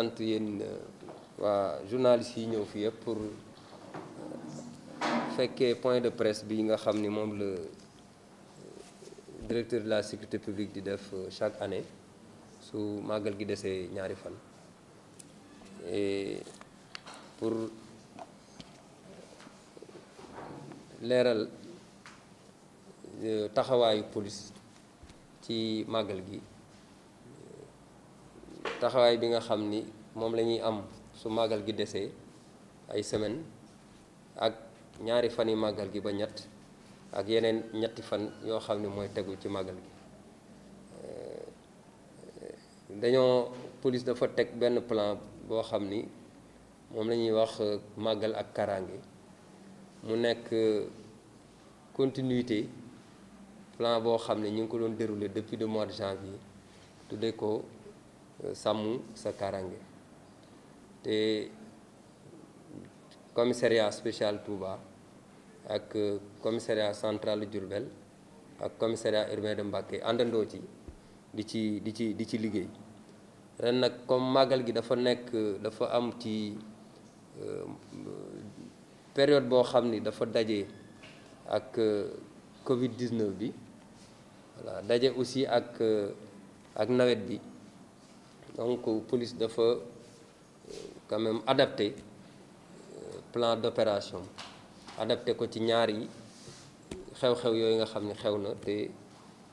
sant yéen euh, waa journaliste yi ñëw fii yëpp pour euh, fekkee point de presse bi nga xam ni moom euh, directeur de la sécurité publique di def chaque année su màggal gi desee ñaari fan et pour leeral taxawaayu police ci magal gi taxawaay bi nga xam mom lañuy am su magal gi déssé ay semaine ak ñaari fan yi magal gi ba ñatt ak yeneen ñetti fan yo xamni moy teggul ci magal gi eh, dañu police dafa tek ben plan bo xamni mom lañuy wax magal ak karange mu nek continuité plan bo xamni ñu ko doon dérouler depuis le mois de janvier tudé ko euh, samu sa te commissariat spécial Touba ak commissariat central Diourbel ak commissariat urbain de Mbaké, àndandoo ci di ci di ci di ci liggéey ren nag comme magal gi dafa nek dafa am ci euh, période bo xamni dafa dajé ak euh, Covid 19 bi voilà dajé aussi ak euh, ak nawet bi donc police dafa quand même adapté euh, plan d'opération adapté ko ci ñaar yi xew-xew yoy nga xamni ne xew na te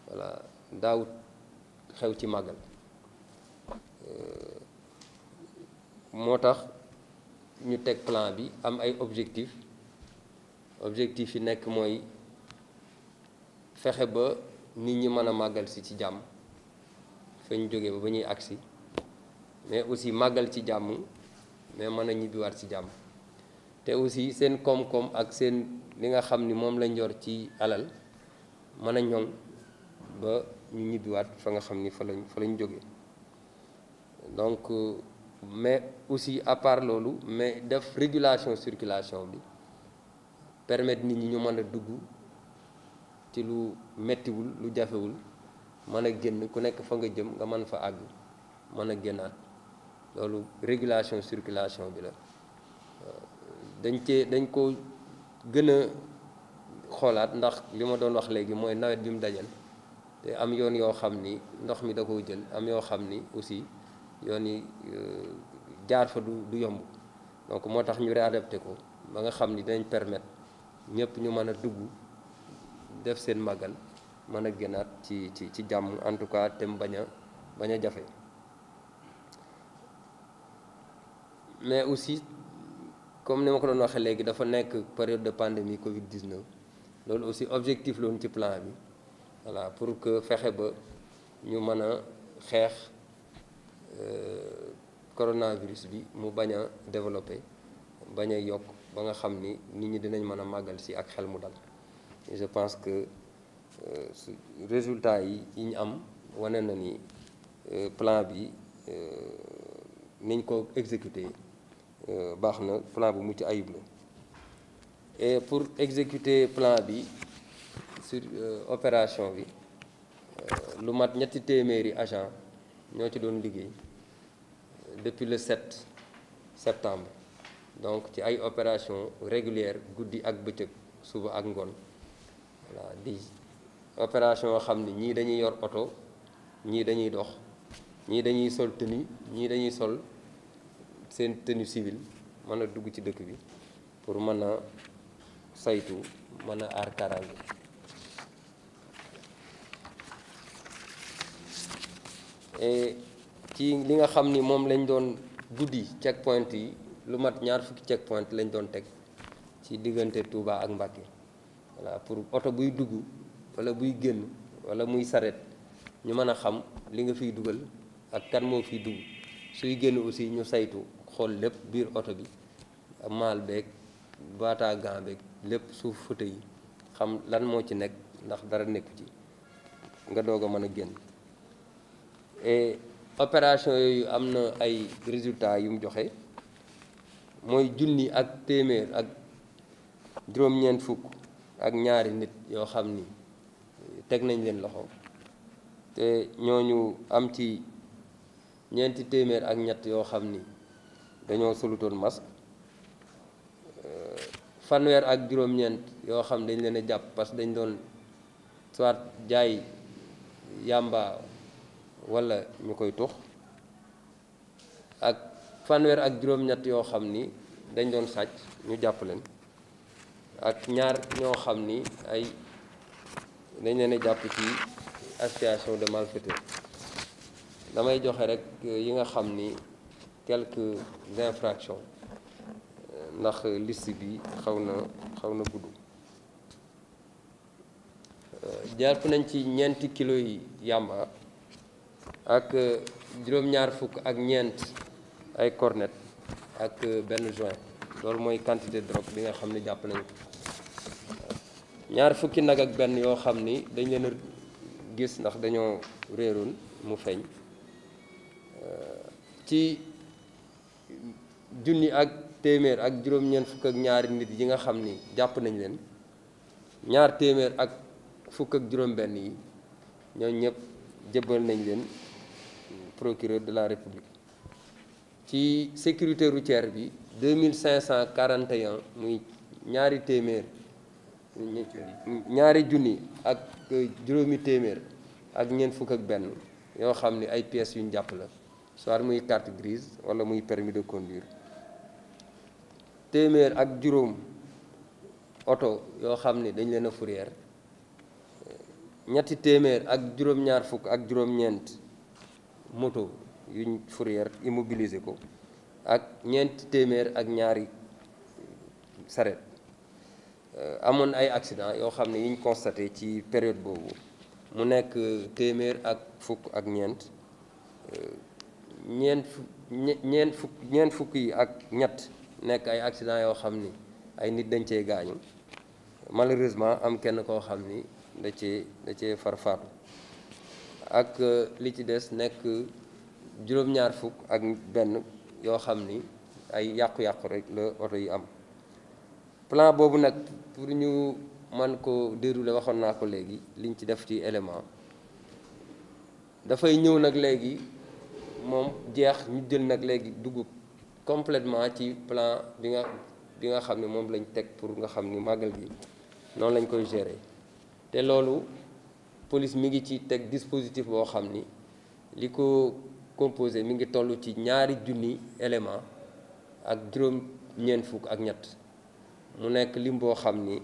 voilà daawut xew ci magal euh motax ñu teg plan bi am ay objectifs objectifs yi nek moy fexé ba nit ñi mëna magal ci ci jamm fa joggé ba bañuy aksi mais aussi magal ci jamm mais mën ñibi war ci jamm te aussi sen kom kom ak sen li nga xamni mom lañ yor ci alal mën a ba ñu ñibbiwaat fa nga xamni fa lañ fa lañ joggé donc mais aussi à part lolu mais def régulation circulation bi permettre nit ñi ñu mëna dugg ci lu wul lu jafé wul mëna génn ku nekk fa nga jëm nga mën fa ag mëna a loolu régulation circulation bi la euh, dañ cee dañ koo gën a xoolaat ndax li ma doon wax léegi mooy nawet bi mu dajal te am yoon yoo xam ni ndox mi da koo jël am yoo xam ni aussi yoon yi euh, jaar fa du du yomb donc moo tax ñu réadapté ko ba nga xam ni dañ permettre ñëpp ñu mën a dugg def seen màggal mën a gënaat ci ci ci jàmm en tout cas te mu bañ a bañ a jafe. mais aussi comme ni ma ko doon waxee léegi dafa période de pandémie Covid 19 Donc aussi objectif la woon ci plan bi voilà pour que faire que ñu mën a euh, coronavirus bi mu baña développer. développé bañ a ba nga xamni nit ñi dinañ mëna magal ci si ak xel mu dal je pense que euh, résultat yi ñi am wané na ni euh, plan bi niñ ko exécuter euh, baax plan bu mucc ayib la et pour exécuter plan bi sur euh, opération bi euh, lu mat ñetti téeméeri agent ñoo ci doon depuis le 7 septembre donc ci ay opération régulière Goudi ak bëccëg suba ak ngoon voilà di opération yoo xam ni ñii dañuy yor oto ñii dañuy dox ñii dañuy sol ni ñii dañuy sol seen tenu civile mën a dugg ci dëkk bi pour mën a saytu mën a aar kaaraange ci li nga xam ni moom lañ doon guddi checkpoint yi lu mat ñaar fukki checkpoint lañ doon teg ci diggante Touba ak Mbacké voilà pour oto buy dugg walla buy génn wala muy saret ñu mën a xam li nga fiy dugal ak kan moo fiy dugg suy génn aussi ñu saytu xool lépp biir oto bi maal beeg bata gan beeg lépp suuf fëtë yi xam lan moo ci nekk ndax dara nekku ci nga doog a mën a génn et yooyu am na ay résultats yu joxe mooy junni ak téeméer ak juróom-ñeent fukk ak ñaari nit yoo xam ni teg nañ leen loxo te ñooñu am ci ñeenti téeméer ak ñett yoo xam ni dañoo solutoon masque euh, fanwer ak juroom ñent yo xam dañ leena japp parce dañ doon soit jaay yamba wala ñukoy tux ak fanwer ak juroom ñatt yo xam ni dañ doon sàcc ñu japp leen ak ñaar ño xam ni ay dañ leena japp ci association de malfaiteurs damay joxe rek yi nga xam ni quelques infractions ndax liste bi xaw na xaw na gudd jàpp nañ ci ñeenti kilo yi yàmba ak juróom-ñaar fukk ak ñeent ay cornet ak benn join loolu mooy quantité de bi nga xam ne jàpp nañ ko ñaar fukki nag ak benn yoo xam ni dañ leen a gis ndax dañoo réeroon mu feeñ ci junni ak téeméer ak juróom-ñeent fukk ak ñaari nit yi nga xam ni jàpp nañ leen ñaar téeméer ak fukk ak juróom-benn yi ñoo ñëpp jëbbal nañ leen procureur de la république ci sécurité routière bi 2541 muy ñaari téeméer ñaari junni ak juróomi téeméer ak ñeent fukk ak benn yoo xam ni ay pièces yuñ jàpp la soit muy carte grise wala muy permis de conduire téeméer ak juróom oto yoo xam ne dañ leen a fourrière ñetti téeméer ak juróom-ñaar fukk ak juróom-ñeent moto yuñ fourrière immobilisé ko ak ñeenti téeméer ak ñaari saret euh, amoon ay accident yoo xam ne yiñ constaté ci période boobu mu nekk téeméer ak fukk ak ñeent euh, ñeent ñeent fukk ñeent fukk yi ak ñett nekk ay accident yoo xam ni ay nit dañ cee gaañu malheureusement am kenn koo xam ni da cee da cee farfaatu ak euh, li ci des nekk juróom-ñaar fukk ak benn yoo xam ni ay yàqu-yàqu rek la oto yi am plan boobu nag pour ñu man ko dérouler waxoon naa ko léegi liñ ci def ci élément dafay ñëw nag léegi mom jeex ñu jël nak léegi dugg complètement ci plan bi nga bi nga xam ne lañ pour nga xamni magal màggal gi noonu lañ koy gérer té lolu police mi ngi ci tek dispositif bo xamni liko composé mi ngi tollu ci ñaari junni élément ak juróom ñen fuk ak ñett mu nekk lim bo xamni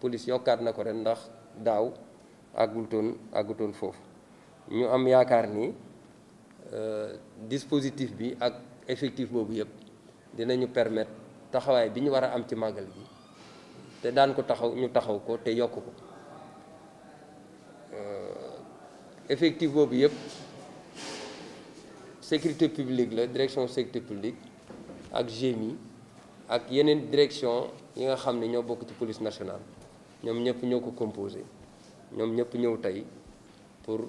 police yokkaat na ko ren ndax daaw àggutoon àggutoon fofu ñu am yaakar ni Euh, dispositif bi ak effectif boobu yëpp dinañu permettre taxawaay bi ñu war a am ci màggal gi te daan ko taxaw ñu taxaw ko te yokk ko euh, effectif boobu yëpp sécurité publique la direction sécurité publique ak GMI ak yeneen direction yi nga xam ne ñoo bokk ci police nationale ñoom ñëpp ñoo ko composé ñoom ñëpp ñëw tey pour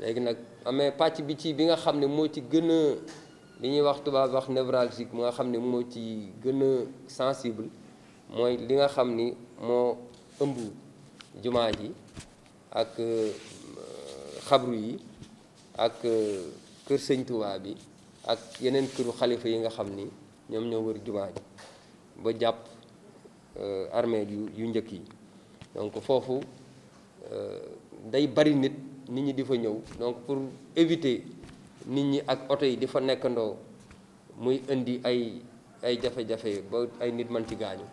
léegi nag amee pàcc bi ci bi nga xam ne moo ci gën a li ñuy wax tubaab wax névralgique mu nga xam ne moo ci gën a sensible mooy li nga xam ni moo ëmb jumaa ji ak euh, xabru yi ak euh, kër sëñ bi ak yeneen këru xalifa yi nga xam ni ñoom ñoo wër jumaa ji ba jàpp euh, armée yu yu njëkk yi donc foofu day bari nit nit difa di donc pour éviter nit ak auto yi di fa nekkandoo muy indi ay ay jafe-jafe ba ay nit man ci gaañu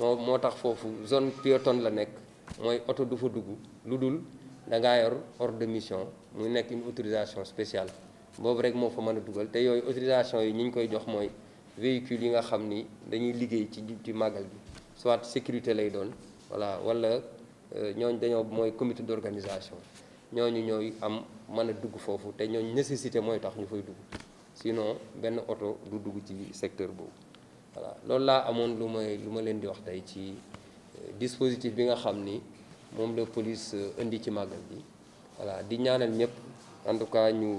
moo tax zone piétonne la nekk mooy auto du fa ludul lu dul da ngaa yor ordre de mission muy nekk une autorisation spéciale boobu rek moo fa mën a dugal te autorisation yi ñu ñu koy jox mooy véhicule yi nga xamni ni dañuy liggéey ci ci magal bi soit sécurité lay doon voilà wala euh, ñooñ dañoo moy comité d'organisation ñooñu ñooy am man a dugg foofu te ñooñu nécessité mooy tax ñu fay dugg sinon benn oto du dugg ci secteur boobu voilà loolu laa amoon lu may lu ma leen di wax tey ci euh, dispositif bi nga xam ni moom la police euh, indi ci màggal bi voilà di ñaanal ñëpp en tout cas ñu